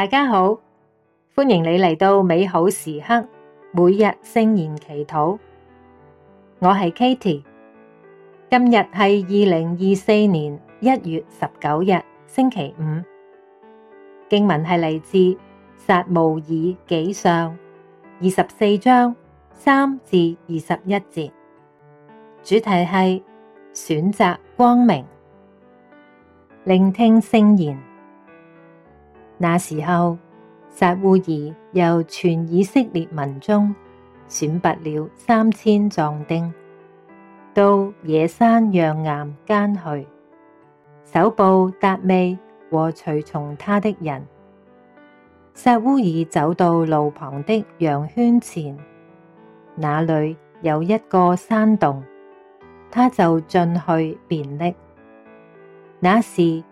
大家好，歡迎你嚟到美好時刻，每日聖言祈禱。我係 Katie，今日係二零二四年一月十九日星期五。經文係嚟自撒慕爾紀上二十四章三至二十一節，主題係選擇光明，聆聽聖言。那時候，撒烏耳由全以色列民中選拔了三千壯丁，到野山羊巖間去，搜捕達味和隨從他的人。撒烏耳走到路旁的羊圈前，那裡有一個山洞，他就進去便溺。那時，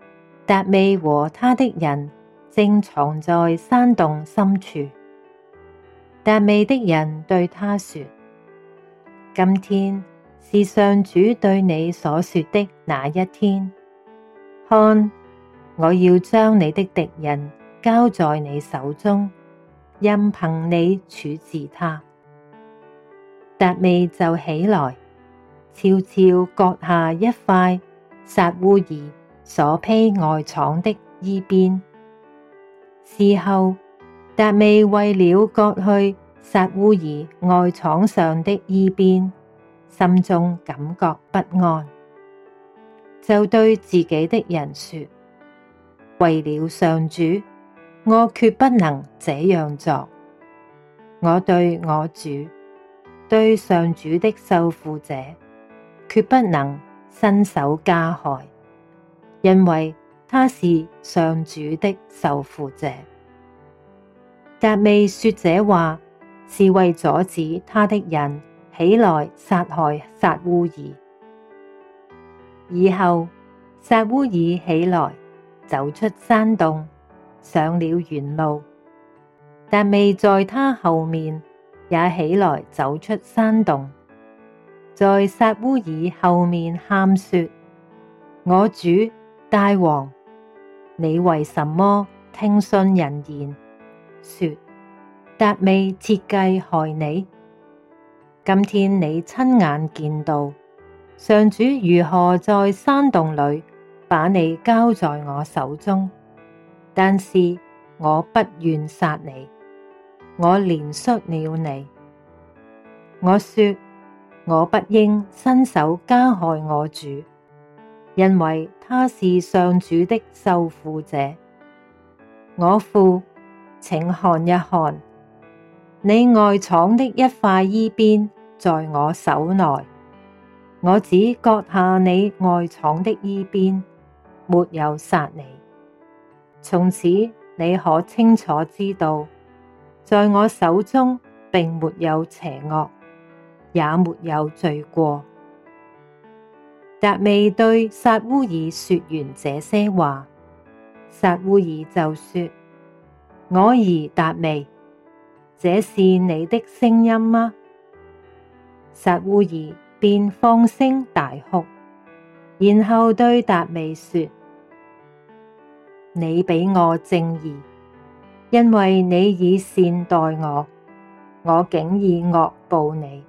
達味和他的人，正藏在山洞深處，達味的人對他說：今天是上主對你所說的那一天，看，我要將你的敵人交在你手中，任憑你處置他。達味就起來，悄悄割下一塊撒烏耳所披外氅的衣邊。事後，達味為了割去撒烏耳外氅上的衣邊，心中感覺不安，就對自己的人說：為了上主，我決不能這樣做。我對我主，對上主的受傅者，決不能伸手加害，因為他是上主的受傅者，達味說這話，是為阻止他的人起來殺害撒烏耳。以後，撒烏耳起來，走出山洞，上了原路，達味在他後面也起來走出山洞，在撒烏耳後面喊說：我主大王。你為什麼聽信人言，說達味設計害你？今天你親眼見到上主如何在山洞裡把你交在我手中，但是我不願殺你，我憐恤了你。我說，我不應伸手加害我主。因為他是上主的受傅者，我父，請看一看，你外氅的一塊衣邊在我手內，我只割下你外氅的衣邊，沒有殺你。從此你可清楚知道，在我手中並沒有邪惡，也沒有罪過。達味對撒烏耳說完這些話，撒烏耳就說：我兒達味，這是你的聲音嗎？撒烏耳便放聲大哭，然後對達味說：你比我正義，因為你以善待我，我竟以惡報你。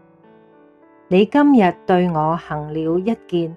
你今日對我行了一件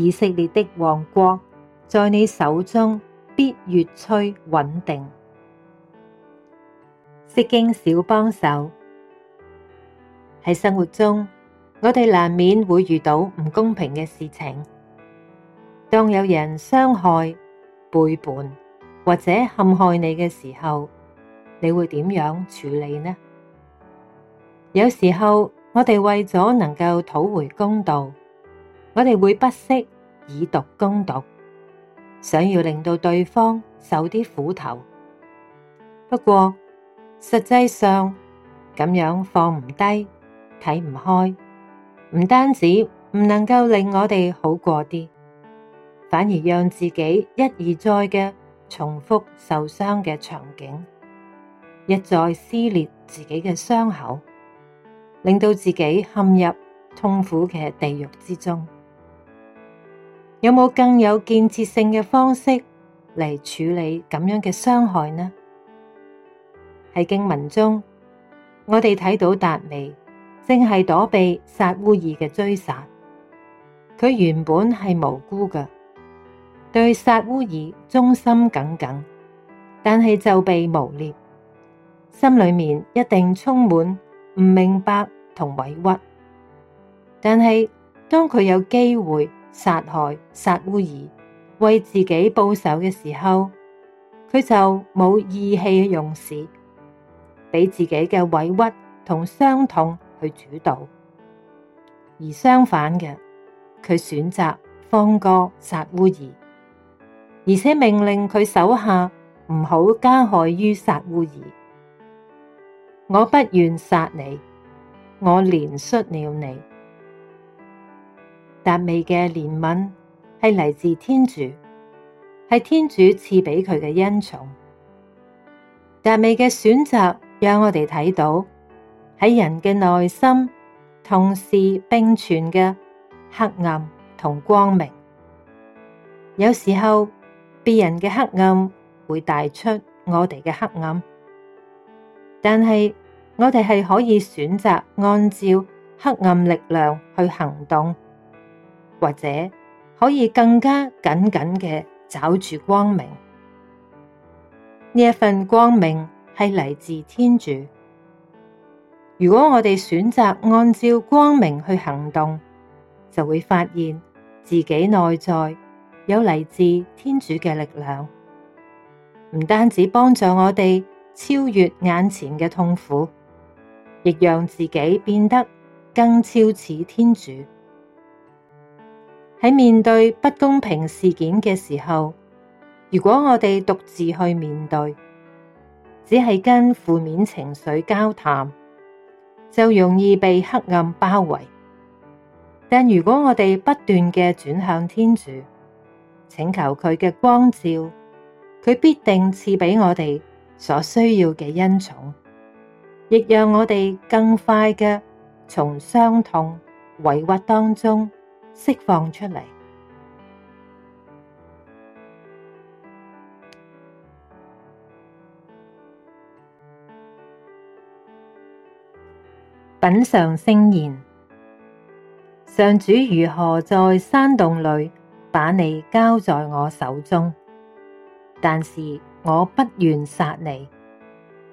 以色列的王國在你手中必越趨穩定。釋經小幫手，喺生活中我哋難免會遇到唔公平嘅事情。當有人傷害、背叛或者陷害你嘅時候，你會點樣處理呢？有時候我哋為咗能夠討回公道，我哋會不惜以毒攻毒，想要令到對方受啲苦頭。不過實際上咁樣放唔低、睇唔開，唔單止唔能夠令我哋好過啲，反而讓自己一而再嘅重複受傷嘅場景，一再撕裂自己嘅傷口，令到自己陷入痛苦嘅地獄之中。有冇更有建設性嘅方式嚟處理咁樣嘅傷害呢？喺經文中，我哋睇到達味正係躲避撒烏耳嘅追殺，佢原本係無辜嘅，對撒烏耳忠心耿耿，但係就被誣賴，心裏面一定充滿唔明白同委屈。但係當佢有機會。殺害撒烏耳，為自己報仇嘅時候，佢就冇意氣用事，俾自己嘅委屈同傷痛去主導。而相反嘅，佢選擇放過撒烏耳，而且命令佢手下唔好加害於撒烏耳。我不願殺你，我憐恤了你。達美嘅憐憫係嚟自天主，係天主賜畀佢嘅恩寵。達美嘅選擇讓我哋睇到喺人嘅內心同時並存嘅黑暗同光明。有時候別人嘅黑暗會帶出我哋嘅黑暗，但係我哋係可以選擇按照黑暗力量去行動。或者可以更加緊緊嘅抓住光明，呢一份光明係嚟自天主。如果我哋選擇按照光明去行動，就會發現自己內在有嚟自天主嘅力量，唔單止幫助我哋超越眼前嘅痛苦，亦讓自己變得更肖似天主。喺面對不公平事件嘅時候，如果我哋獨自去面對，只係跟負面情緒交談，就容易被黑暗包圍。但如果我哋不斷嘅轉向天主，請求佢嘅光照，佢必定賜俾我哋所需要嘅恩寵，亦讓我哋更快嘅從傷痛、委屈當中，釋放出嚟。品嘗聖言，上主如何在山洞裡把你交在我手中，但是我不願殺你，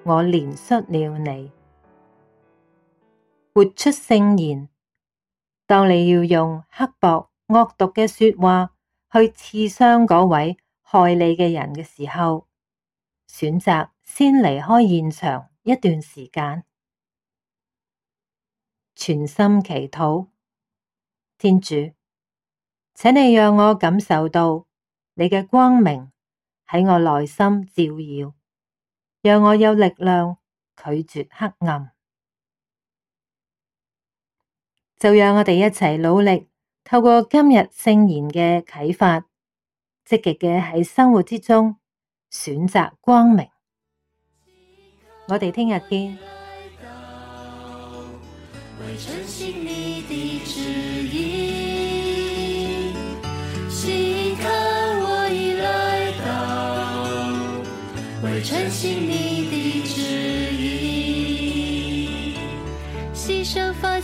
我憐恤了你。活出聖言。當你要用刻薄、惡毒嘅說話去刺傷嗰位害你嘅人嘅時候，選擇先離開現場一段時間。全心祈禱：天主，請你讓我感受到你嘅光明喺我內心照耀，讓我有力量拒絕黑暗。就讓我哋一齊努力，透過今日聖言嘅啟發，積極嘅喺生活之中選擇光明。我哋聽日見。